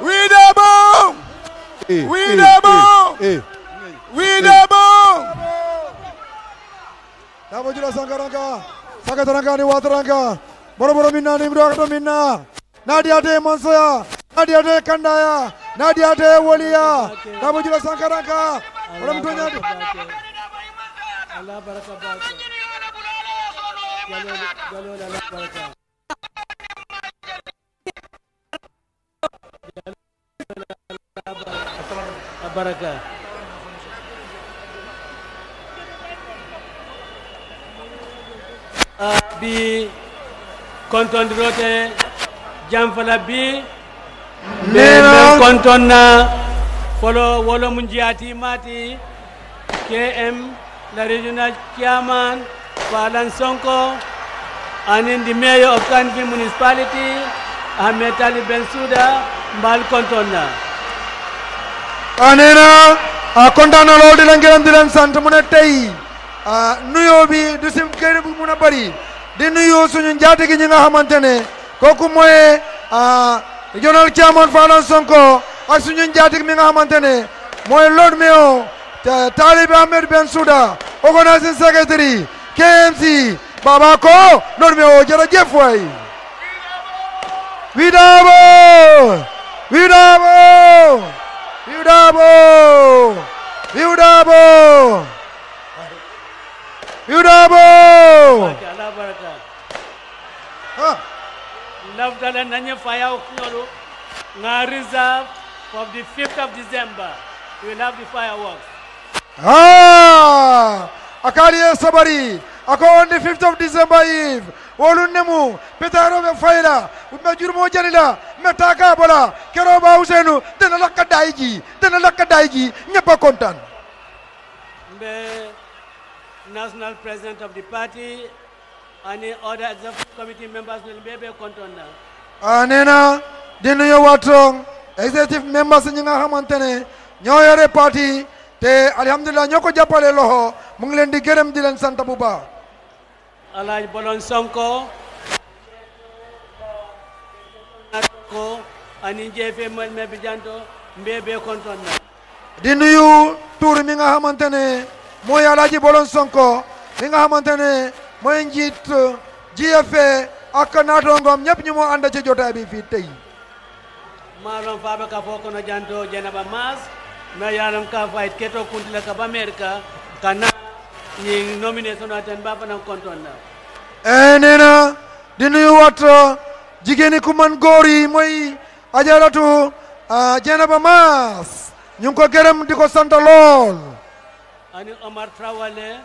Oui, d'abord Oui, eh, eh, d'abord eh, Oui, d'abord Nama jula sangkarangka, sakatarangka ni watarangka, boro-boro minna ni bro minna, nadia de mansaya, nadia de kandaya, nadia de walia, nama jula sangkarangka, boro minna ni. Allah barakah barakah. Jalol, Allah barakah. Ah, para acá. bi kontondorote janfala B, Contona, kontonna folo wolo Munjiati mati km la Regional Kiaman falan sonko anin the mayor of kanvi municipality ahmed Ben Mal mbal Contona. a na kontaan na lool di leen gërëm di leen sant mu ne tey nuyoo bi du si kër bu mun a bëri di nuyu suñu njaatige ñi nga xamante ne kooku mooy Jonal Chairman Fadang Sonko ak suñu njaatige mi nga xamante ne mooy Lord Mayor Talib Ahmed Bensouda Organizing Secretary KMC Baba Ko Lord Mayor jërëjëf waay Widaabo Widaabo Viudamo! Viudamo! Viudamo! Labdala Nanya Faya Oknolo, now reserve for the 5th of December. We will have the fireworks. Ah! Akali Sabari, ako on the 5th of December Eve, Olunemu, Petaro Faila, Umajur Mojanila, metta ka bola keroo ba Ousseynou dana lakka daay ji dana lakka daay ji ñëpp a kontaan mbe national president of the party ani other executive committee members ne mbe be kontaan na a nee na di nuyu waatoon executive members ñi nga xamante ne ñoo yore te alhamdulilah ñoo ko jàppale loxo mu ngi leen di gërëm di leen sant bu baax Alhaji Bolon Sonko ko ani jeefe mal me bi janto mbee bee kontoon na di nuyu tuur mi nga xamante ne mooy Alaaji Bolon Sonko mi nga xamante ne mooy njiit GFA euh, ak naatoongoom ñëpp ñu moo ànd ci jotaay tey maalon faaɓe ka fof janto jenaba na yalam ka fayit keto kuntila ka bamer ka kana ñi nomination aten ba fanan konton na e nee na di nuyu wat euh, jigeni kuman Gori, góor yi mooy ajaratu mas ah, Maas ñu ngi ko gërëm di ani Omar trawale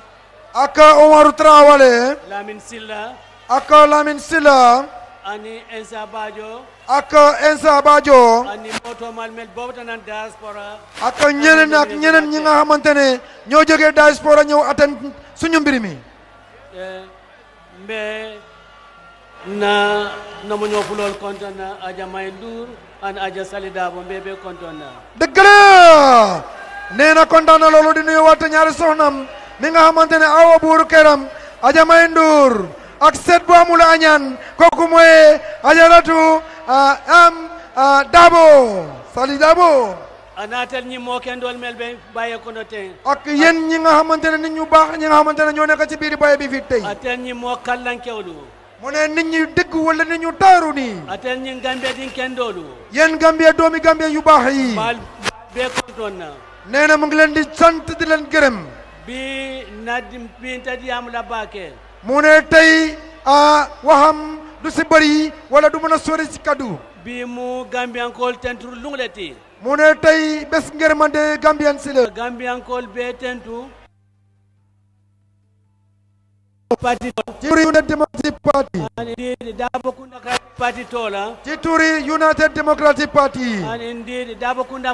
aka Omar trawale lamin Silla aka lamin Silla ani Ensa Bajo aka Ensa Bajo ani moto malmel boobu tanan diaspora ak ñeneen ak ñeneen ñi nga xamante ne ñoo diaspora ñëw atan suñu mbir na nomoño fulol kontonna aja may ndour an aja salidabo mbebe kontonna dëgg la nee na kontaan na loolu di nuyu waat ñaari soxnam mi nga xamante ne awa buuru këram aja may ndour ak seet bu amul añaan kooku mooy aja ratu ah, am ah, dabo sali dabo a naatal ñi moo kenn dool mel be bàyyee ko no tey ak yéen ñi nga xamante ne nit ñu baax ñi nga xamante ne ñoo nekk ci biir bàyyi bi fii tey a tel ñi moo kallankewlu mu ne nit ñi dëgg wala nit ñu taaru nii. atel ñin Gambie din kenn doolu. yéen Gambie doomi Gambie yu baax yi. baal bee kontoon na. nee mu ngi leen di sant di leen gërëm. bi na bi ntadiyaam la baake. mu ne tey a waxam du si bëri wala du mën a sori si kaddu. bi mu Gambiankool tentu lu moo ne tey bés ngërmande Gambian si la. Gambiankool bee tentu. patitol ci turi United Democratic Party and indeed Dabakunda patitola ci turi United Democratic Party and indeed Dabakunda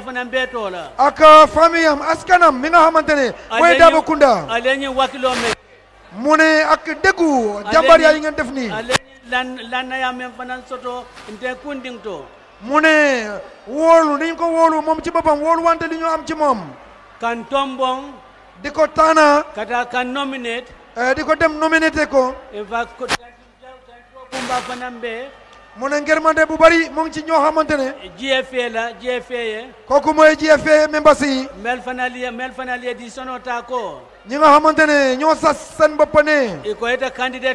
askanam mi nga xamante ne mooy Dabakunda aleñi wakilo me mu ne ak déggu jàmbaar yaa yi ngeen def nii lan lan yaa men fana soto nte kunding to mu ne wóolu dañ ko wóolu moom ci boppam wóolu wante li ñu am ci moom kan tombong di ko taana kata Eh, di ko dem nominate ko eh, kumba fanan be mu ne ngermande bu bari mu ci ñoo xamante ne eh, GFA la GFA ye kooku mooy GFA members yi mel fana liye mel fana liye di sonota ko ñi nga xamante ne ñoo sas seen bopp ne i ko ita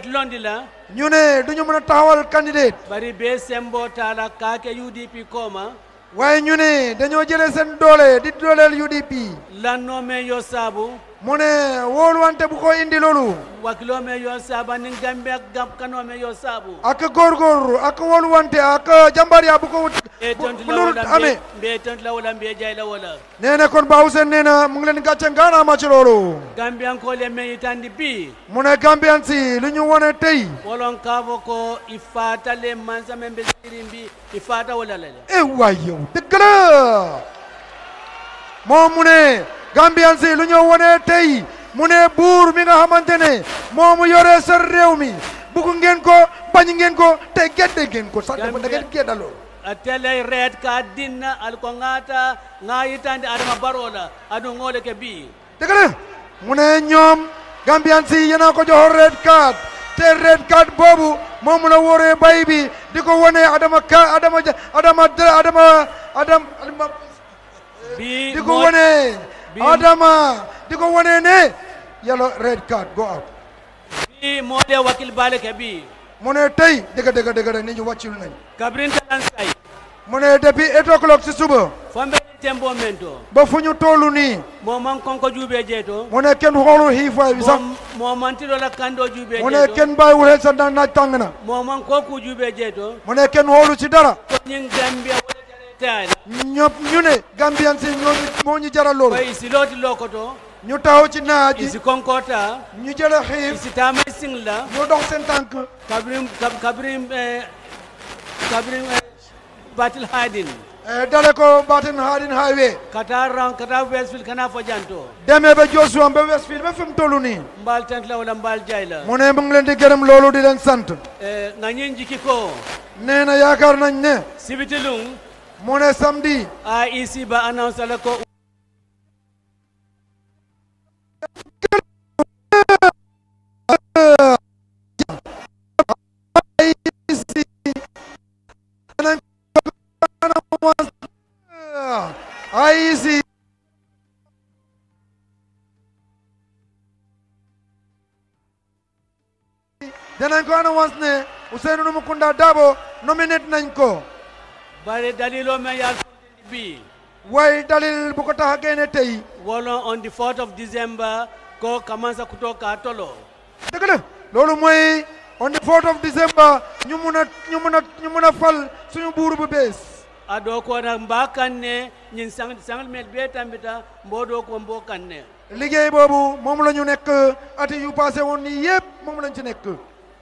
londi la ñu ne duñu mën a taxawal candidate bari be sembo taala kaake UDP kooma waaye ñu ne dañoo jëlee seen doole di dooleel UDP lan noo saabu mone wolu ante buko indi lolu wakilo me yo saba ni gambe ak gam kano me yo sabu ak gor gor ak wolu wante ak jambar ya buko lolu ame be tant la wala be jay la wala neena kon ba husen neena mu ngi len gatcha ngana ma ci lolu gambe an ko le me itandi bi mone gambe an si lu ñu wone tey wolon ka boko ifata le manza me membe sirimbi ifata wala la e wayo deug mo mune Gambians yi lu ñoo wonee tey mu ne buur mi nga xamante ne moomu yoree sa réew mi bugg ngeen ko bañ ngeen ko te gedde ngeen ko sax dafa da ngeen gedda loolu tele red ka dinna alko ngata nga yitande adama barola adu ngole ke bi degale mu ne ñoom Gambians yi yéen a ko joxoon red card te red card boobu moom la wóoree bay di ko wone adama ka adama adama adama adama di ko wone Adama di ko wane ne yellow red card go out bi moo dee wakil baale ke bi mu ne tey dëgg dëgg dëgg rek nit ñi wàccul nañ kabrin say mu ne depuis eight o'clock si suba fombe tembo men to ba fu ñu toolu nii moo man konko juubee jeeto mu kenn xoolu xiifaay bi moo man ti loola kandoo juubee mu ne kenn bàyyi wul sa daan naaj tàng na moo man kooku juubee jeeto mu ne kenn xoolu si dara tettaani ñop ñu ne gambiyan si ñoo moo ñu jaral loolu si looti lookoto ñu taxaw ci naaj i si konkota ñu jëla xiif si taamay sing la ñu dox seen tànk kabrim kabrim eh, kabrim eh, batil haadin eh, dale ko batin haadin highway kata ran deme ba Joshua ba westfield ba fi mu toll nii mbaal tant la wala mbaal jaay la mu ne mu leen di gërëm loolu di leen sant nga ñeen jikki ko nee na yaakaar nañ ne sibitilung Mon samedi. Ah, ici, bah, annonce le co. Easy. Then I'm going to want to Usain Numukunda Dabo nominate Nanko. bari dalilo men yal bi way dalil bu ko tax a génne tey wala on the 4 of December ko commencé kutoka tolo dëgg loolu mooy on the 4 of December ñu mun a ñu mun a ñu mun a fal suñu buuru bu bees aɗo ko nak mba kanne ñin sangal mel tambita mboɗo ko mbo kanne liggéey boobu moom la ñu nekk ati yu passé woon nii moom lañ ci nekk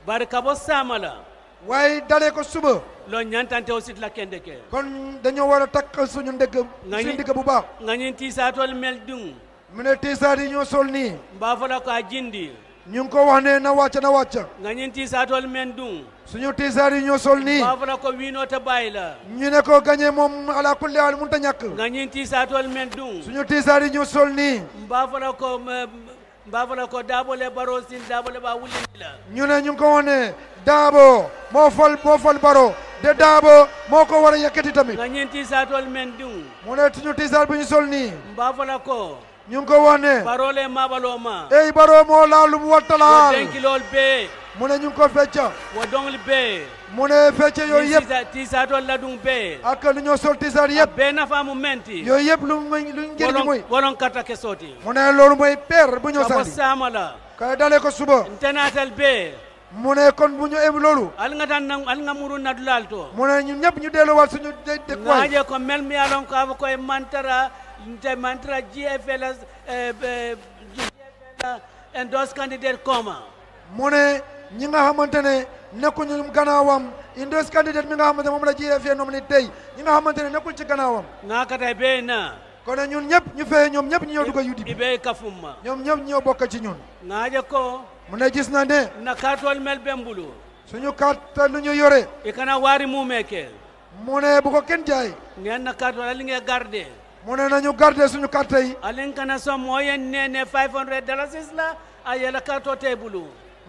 bari kabo saamala waaye dalee ko suba. loolu ñaantante aussi la kende ke kon dañoo war a takkal suñu ndëgg. suñu ndëgg bu baax. nga ñu tiisaatool mel dung. mu ne tiisaat yi ñoo sol nii. mbaa fa la ko jindi. ñu ngi ko wax ne na wàcc na wàcc. nga ñu tiisaatool mel dung. suñu tiisaat yi ñoo sol nii. mbaa fa la ko wiinoo te bàyyi la. ñu ne ko gañe moom ala kulli haal mënut a ñàkk. nga ñu tiisaatool mel dung. suñu tiisaat yi ñoo sol nii. mbaa fa la ko. mbafana ko daabole baro sin daabole ba wulindila ñu ne ñu ngi ko wone daabo moo fol moo fol baro de daabo moo ko war a yëkkati tamit nga ñin tiisaatol men diŋ mu ne ñu tiisaat bu ñu sol nii mbafana ko ñu ngi ko wone baro le maabaloo ma ey baro moo laalum wattalaal denkilol bee mu ne ñu ngi ko fecca wo dongle bee mu ne fecca yooyu yëpp tiisaatoo ladung bee ak lu ñoo tiisaat yëpp bee nafaamu menti yooyu yëpp lu muy lu njëriñ muy wolon ke sooti mu loolu mooy peer bu ñoo sandi saama la kay dalee ko suba ntenaatal bee mu kon bu ñu eb loolu al nga tan al nga muru nadulaal to mu ñun ñëpp ñu delluwaat suñu dëkkuwaay ngaaje ko mel mi yalon ko aba koye mantara nte mantara GFL eh, GFL and those candidate koma mu ne ñi nga xamante ne nekkuñu gannaawam indos candidate mi nga xamante moom la GFA noom ni tey ñi nga xamante ne na nekkuñ ci gannaawam ngakata be na kono ñun ñëpp ñu feye ñoom ñëpp ñu ñëw dugg UDP ibe kafumma ñoom ñëpp ñoo bokk ci ñun ngaaje ko mu ne gis na ne na kaatol mel bembulu suñu kàttan lu ñu yore i kana waari muumeke mu ne bu ko kenn jaay ngeen na kaatol ali ngeen garde mu ne nañu garde suñu carte yi alin kana so la a yela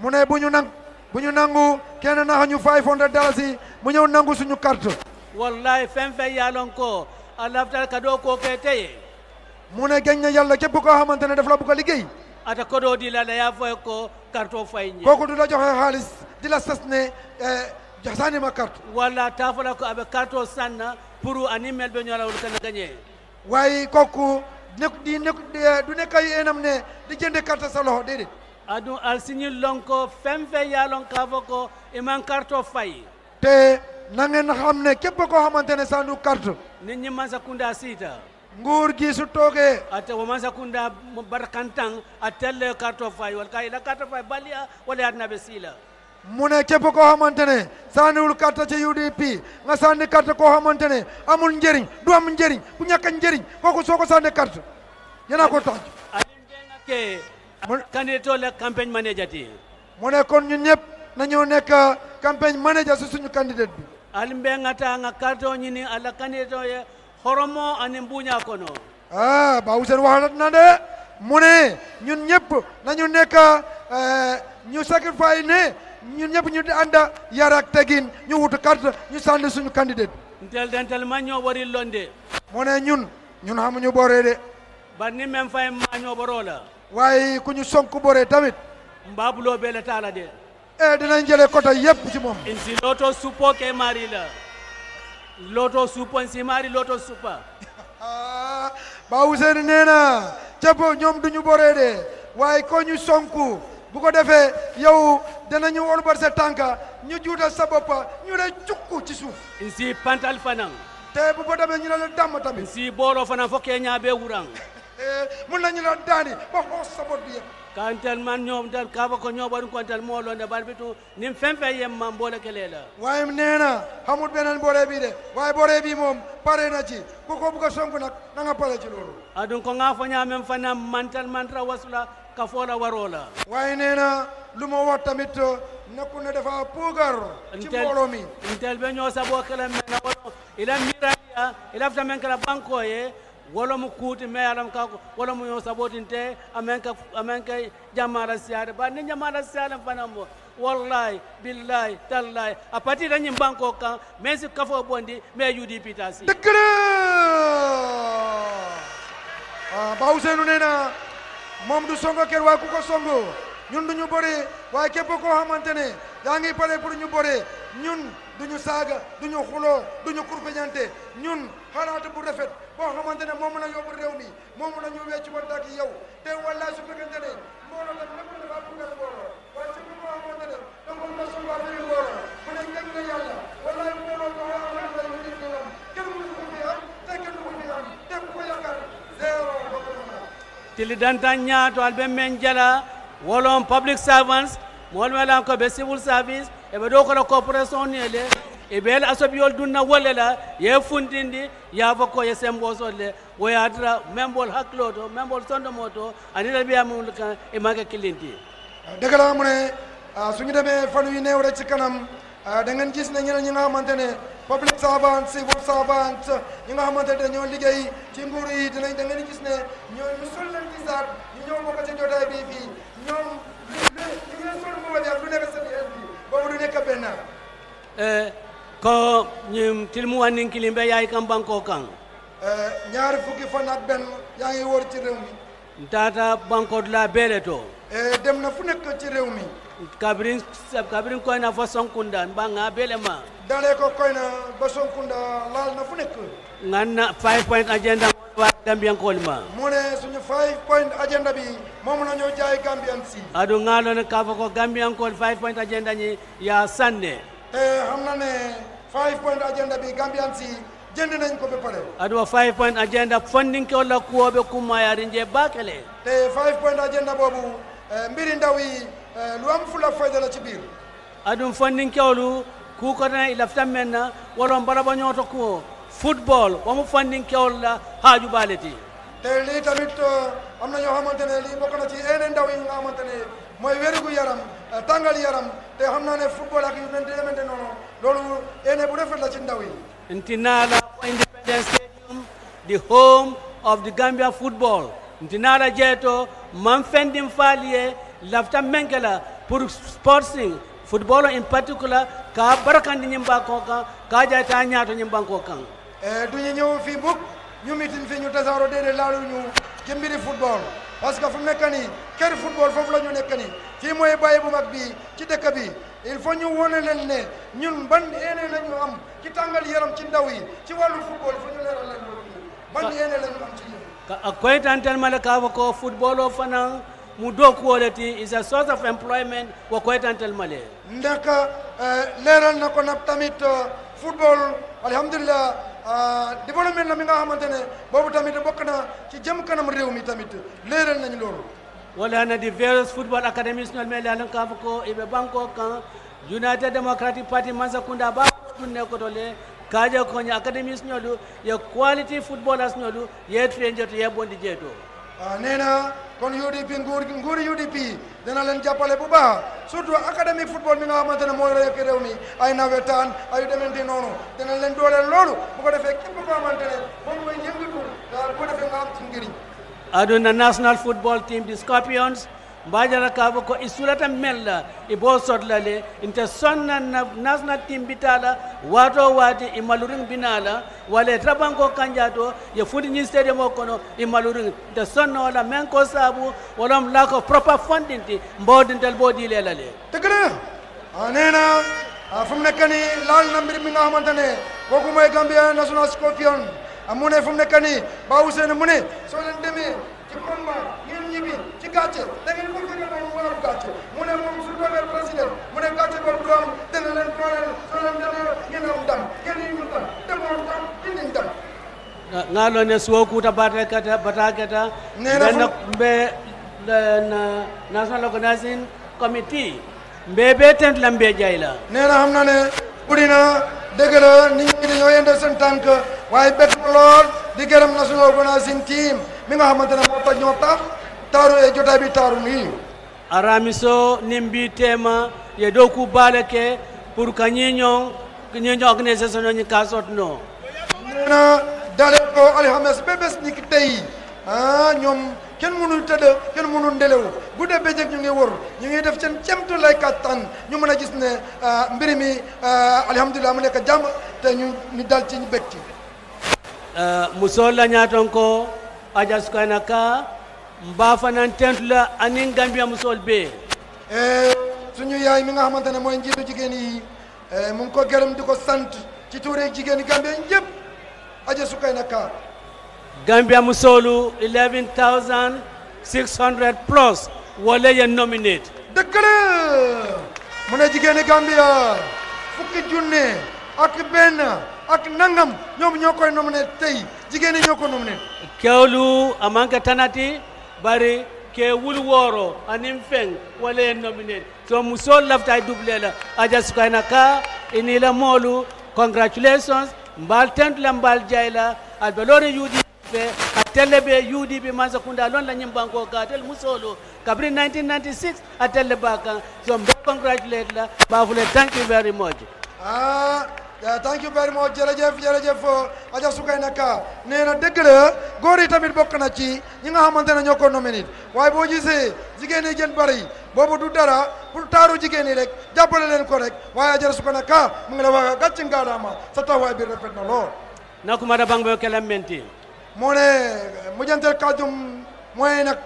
mu ne bu ñu nang bu ñu nangu kenn naxa ñu five hundred dollars yi mu ñëw nangu suñu carte wallahi fen fen yaalon ko a laftal ka doo koo teye mu ne geñ na yàlla képp koo xamante ne daf la bëgg liggéey ata kodoo di la yaa fay ko carte o fay ñi kooku du la joxe xaalis di la sas ne eh, sànni ma carte walla taafala ko abe carte o sanna pour ani mel be ñoola wul kana gañee waaye kooku nekk di nekk eh, du nekk ay enam ne di jënde carte sa loxo déedéet aɗum alsiñil lon ko fen fen yaalon kaafo ko iman carte o fayi te na ngeen xam ne képp koo xamante ne sandu carte nit ñi man sa kunda siita nguur gi toogee ate wo man sa a telle carte o fayi wala ka ila carte o fayi baliya wala yaatnaɓe siila mu ne képp koo xamante ne sandiwul carte ci UDP nga sandi carte koo xamante ne amul njëriñ du am njëriñ ku ñàkk njëriñ kooku soo ko sandi carte yéen ko tànc Kandidat la campagne manager ti mu ne kon ñun nañu campagne manager si suñu candidat bi alimbe ngata nga carton ñini ala candidat ye horomo ani mbuña kono ah ba usen waxalat na de mu ne ñun ñëpp nañu eh, ñu sacrifice ne ñun ñëpp ñu anda yar ak tegin ñu wutu carte ñu sànni suñu candidat ntel dental ma ñoo wari londe mu ne ñun ñun xamuñu boré de ba ni même fay ma ñoo waaye ku ñu sonk bore tamit mbaabulo be le la de e dinañ jële côté yépp ci moom insi loto suppo ke mari la loto suppo insi mari loto suppa ba Ousseynou nee na cappo ñoom duñu boree de waaye ko ñu sonku bu ko defee yow danañu wolbar sa tànka ñu juutal sa boppa ñu ne cukku ci suuf si pantal fanan te bu ko demee ñu ne la dàmm tamit si booloo fanan fo ke ñaa be Eh, mun nañu la daani ba hoos sabot bi yëpp kantel man ñoom a kaba ko ñoɓon kontel moolonde bar bitu nin fen fen yem man boole kele la waaye neena xamut beneen boole bi de waaye boole bi moom pare na ci bu ko buga sonku nag na nga pare ci loolu adun ko nga foña men fana mantal mantra wasula ka foola waroo la waaye neena lu ma wax tamit nekku ne dafa puugar ci mbooloo mi be ñoo saboo kala men na wono ila miraya ila wala mu kuuti me alam ka wala mu yo sabotinte amen ka amen ka jamara siare ba ni jamara siare fana mo wallahi billahi tallahi a partir da ñim banko mais si kafo bondi mais UDP ta si dëggra ah ba nee na moom du songo ker waaye ku ko songo ñun du ñu waaye képp koo xamante ne yaa ngi pare pour ñu bëre ñun duñu saaga duñu xuloo duñu kurpeñante ñun xalaat bu rafet boo xamante ne la yóbbu réew mi la ñu wecc wantaak yow te wallaay su fekkente ne mbooloo tam lépp dafa bëgg mbooloo waaye su ko xamante ne danga ma soxlaa bëri mbooloo mu ko xalaat la ñu nit am kenn mënu ko fi am te kenn ko fi am te ku ko yaakaar zéro tili dantan ñaato al ɓe men jala wolon public servants mo wolmelan ko ɓe civil service eɓe ɗo kono coopération ele e ɓeen asobiyol dunna wolle la ye funtindi yaafa ko ye sembosol le o yaatira memɓol hakkilo to memɓol sondomo to anita mbiyamum kan e manque killinti degala mune suñu demee fanu yi neewre ci kanam da ngeen gis ne ñeneen ñi nga xamante ne public servant civil servant ñi nga xamante ne ñoo liggéey ci yi dinañ da ne ñooy ñu sol leen ci saat ñu ñëw bokk ci jotaay bii fii ñoom lu ñu leen sol wo du nekk benna eh ko ñim tilmu wanin kilimbe yaay kam banko kan eh ñaar fukki fan benn yaa ngi wër ci réew mi ntaata banko la bele to e, dem na fu nekk ci réew mi kabrin kabrin koy na fa sonkunda ma dale ko koy ba sonkunda laal na fu nekk ngan na five point agenda wa Gambian kolma mu suñu five point agenda bi moom la ñoo jaay Gambian si adu ngalo ne ka ko Gambian kol five point agenda ñi ya sanne te xam ne five point agenda bi Gambian si jënd nañ ko ba pare adu five point agenda funding ko la ko be kuma ya rinje bakale te five point agenda bobu e, mbiri ndaw yi e, lu am fula fayda la ci biir adu funding ko lu ku ko na ilafta menna wala mbara ba ñoto ko football wamu fandin kewol la haaju baaleti te lii tamit am na ñoo xamante ne lii bokk na ci yeneen ndaw yi nga xamante ne wérgu yaram eh, tàngal yaram te xam naa ne football ak yu mel demante noonu loolu yéene bu rafet la ci ndaw yi ntinala independence stadium the home of the gambia football ntinala jeto man fendin faaliye lafta menkela la pour sporting football in particular ka barakandi ñimba ko kan ka jayta ñaato ñimbanko kan Eh, du ñu ñëw fii bug ñu mitin fii ñu tasaaro déedéet laalu ñu ci mbiri football parce que fu mu nekk nii kër football foofu la ñu nekk nii fii mooy bàyyi bu mag bii ci dëkk bi il faut ñu wane leen ne ñun ban yéene la ñu am ci tàngal yaram ci ndaw yi ci wàllu football fu ñu leeral leen ban yéene la ñu am ci ñun koytantelmale kaaba ko football o fanan mu dookuwoleti is a source of employment wo koytantelmale ndax eh, leeral na ko nag tamit eh, football alhamdulillah développement la mi nga xamante ne boobu tamit bokk na ci jëm kanam réew mi tamit léeral nañu loolu wala na di various football academies nol me lalan ka ko ibe banko kan united democratic party mansa kunda ba tunne ko dole kaje ko nya academies nolu ye quality footballers nolu ye trainer to ye bondi jeto nena kon UDP nguur nguuri UDP dana leen jàppale bu baax surtout académique football mi nga xamante ne mooy rek réew mi ay nawetaan ay dementi noonu dana leen dooleel loolu bu ko defee képp koo xamante ne moom mooy yëngu bu ko defee nga am ci njëriñ. Aduna national football team the Scorpions bajara kabo ko isulata mella i bo sodla le sonna nasna timbitala wato wati i malurin binala wale trabanko kanjato ye fudi ni stadium o kono i malurin nte sonna wala men ko sabu lack of proper funding ti mbawdintel bo di lela le tegna anena afum nekani lal nambir mi ngahamantane kokumay gambia national scorpion amune nekani kani bawusene mune solendemi ci combat ñibbi ci gàcce da ngeen ko gën a moom wàllu gàcce mu ne moom su doonee président mu ne gàcce boobu doom dana leen dooleel su leen dooleel ngeen am ndam ngeen ñu ndam demoon ndam indi ndam ngalo ne suwo kuta bata kata bata kata nena mbe na national organizing committee mbe be tent la mbe jayla nena xamna ne budina deug la nit ñi dañoo yende seen tank waye bet lool di gërëm national organizing team mi nga xamantene mo tax ñoo tax taru e jota bi taru ni aramiso nimbi tema ye doku balake pour kanyinyo nyinyo organisation ni kasot no na dale ko alhames bebes niki tay ah ñom ken munu tëdd ken munu ndelew bu dee bëccëg ñu ngi wor ñu ngi def seen cemtu lay kattan ñu mëna gis ne mbiri mi alhamdulilah mu nek jàmm te ñu ni dal ci ñu bëgg ci musol la ñaaton ko aja sukana ka mbaa fananteentu la aniŋ Gambia musool bee eh, suñu yaay mi nga xamante ne mooy njiitu jigéen yi eh, mu ngi ko gërëm di ko sant ci tuure jigéen yi Gambia yëpp aja Sukayna Ka Gambia musoolu eleven thousand six hundred plus walla yeen nominate dëgg mu ne jigéeni Gambia fukki junne ak benn ak nangam ñoom ñoo koy nominé tey jigéen ñi ñoo ko nominé. Kewlu amanka tanati bari ke wul woro anin feng wala nominate so muso lafta dublela aja sukaina ka inila molu congratulations mbal tent la mbal jaila albalore yudi fe atelle be yudi be manza kunda lon la nyimba ka tel musolo kabri 1996 atelle baka so congratulate la bafule thank you very much ah uh... thank you very much jërëjëf jërëjëf Adja Soukaynaka nee na dëgg la góor yi tamit bokk na ci ñi nga xamante ne ñoo ko nominé waaye boo gisee jigéen yi gën bari boobu du dara pour taaru jigéen ñi rek jàppale leen ko rek waaye Adja Soukaynaka mu ngi la wax gàcce ngaalaama sa taxawaay bi rafet na lool. nakumada bang boyo kelam menti moo ne mujjantel kàddum mooy nag.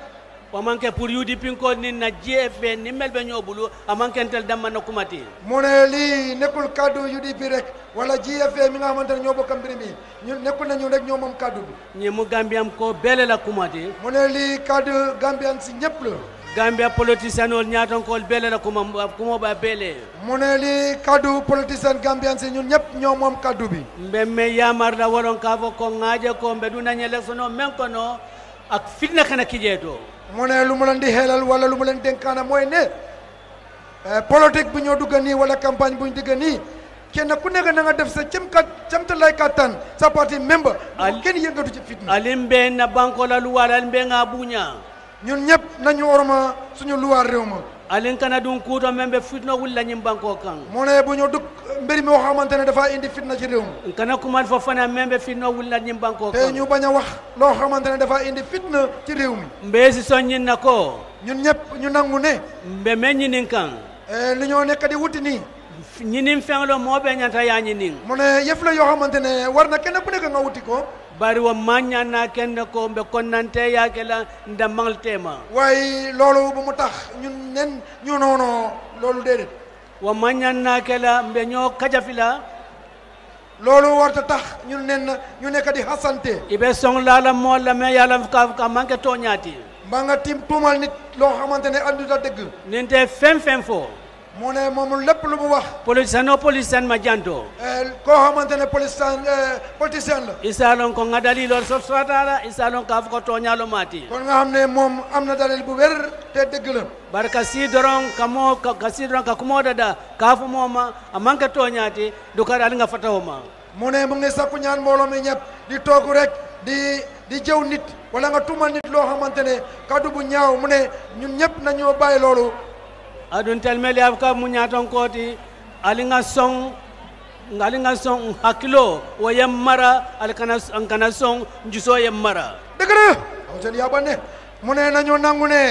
wamanke pour UDP n na GFB ni mel be ñoo bulu amanke ntel damma na kumati mu ne lii nekkul kaddu UDP rek wala GFB mi nga xamante ne ñoo bokk mbir mi ñu nekkul na ñu rek ñoo moom kaddu bi ñi mu Gambian ko bele la kumati mu ne lii kaddu Gambian si ñëpp la Gambia politicien ol ñaatonkol bele la kuma kuma ba bele mu ne lii kaddu politicien Gambian si ñun ñëpp ñoo moom kaddu bi mbe me yamar la waron ka fo ko ŋaaje ko mbe du nañ élection men kono mu ne lu mu leen di xeelal wala lu mu leen dénkaana mooy ne politique bu ñoo dugga nii wala campagne bu ñu dugga kenn ku nekk na nga def sa cem kat cemta lay kattan sa parti membre kenn yëngatu ci fitna alim be na banko la luwaal alim be nga buña ñun ñëpp nañu orma suñu luwaal réew alin kana dun kuuto men ɓe wul wulla nyim banko kan moo ne bu ñu duk eh, mbir mi xamante ne dafa indi fitna ci rew mi kana man fo fana men be fitno wulla nyim banko kan te ñu bañ a wax loo xamante ne dafa indi fitna ci rew mi mbee si ñin na ko ñun ñep ñu nangu ne mbe ñi nin kan eh, li ñoo nekk di wuti nii ñi feŋ fenglo moo be ñanta yaa ñinin mo ne yef la yoo xamante ne war na kenn ku nekk nga wuti ko bari wo naa kenne ko mbe konnante yakela nda maltema way lolu bu mu tax ñun nen ñu nono lolu dedet wo mañana kala mbe ño kajafila lolu warta tax ñun nen ñu nekk di hasante ibe song lala mo la me yalla ka ka manke toñati ma nga tim tuumal nit loo xamante ne andu ta dëgg ninte fen fen fo mu ne moom lépp lu mu wax. politicien o politicien ma janto. koo xamante ne politicien politicien la. isaa lon ko nga dalil lool sot soata la isaa lon kaa ko tooñaa lu maati. kon nga xam ne moom am na dalil bu wér te dëgg la. bari ka sii doroŋ ka moo ka sii doroŋ ka kumoo dada kaa fu moo ma a du ka dal nga fatawo ma. mu ngi sakku ñaan mbooloo mi ñëpp di toog rek di di jëw nit wala nga tuumal nit loo xamante ne kaddu bu ñaaw mu ne ñun ñëpp nañoo bàyyi loolu. aɗum telmeli af ka muñaton kooti aliŋa soŋ aliŋa soŋ hakkilo wo yen mara ali kana kana soŋ njuso yen mara degere awjani yaɓanne mune nañu nangune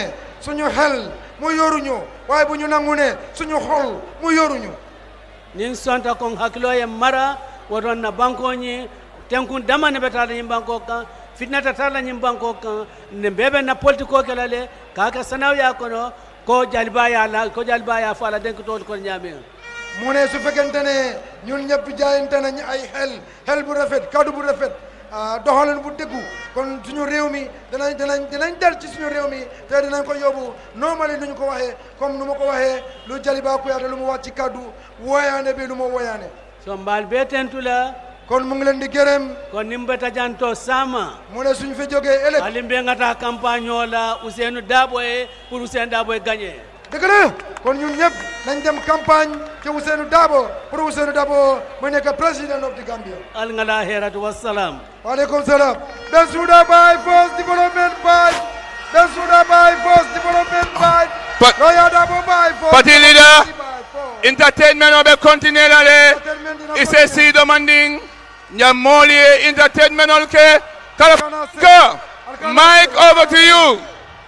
suñu hel mu yoruñu waaye bu ñu nangune suñu xol mu yoruñu nin sonta kon hakkilo yen mara woton na bankoñi tenkun damane ɓe taata ñin banko kan fitnata taata ñin banko kan ne mbeɓe na politiko kela le kaka sanawya kono ko jalibaya la ko jalibaya fo ala denk tool kon ñaamee mu ne su fekkente ne ñun ñëpp jaayante nañ ay xel xel bu rafet kaddu bu rafet ah, doxalin bu dëggu kon suñu réew mi danañ danañ danañ dal ci suñu réew mi te dinañ ko yóbbu normali nu ñu ko waxee comme nu ma ko waxee lu Jaliba Kuyateh lu mu wax ci kaddu woyaane bi lu ma woyaane so mbaal bee tentu la kon mu ngi leen di gërëm kon ni mu bata sama mu ne suñ fi jógee ëllëg wali mbe nga tax campagne la Ousseynou Daboye pour Ousseynou Daboye gagné dëgg la kon ñun ñëpp nañ dem campagne ci Ousseynou Dabo pour Ousseynou Dabo mu nekk président of the Gambia al nga laa xeeratu wasalaam waaleykum salaam Bensouda Baye Force Development Baye Bensouda Baye Force Development Baye Loya Dabo Baye Force Party leader entertainment oɓe continue lale isesi demanding Nyam Moli Entertainment Olke. Mike, over to you.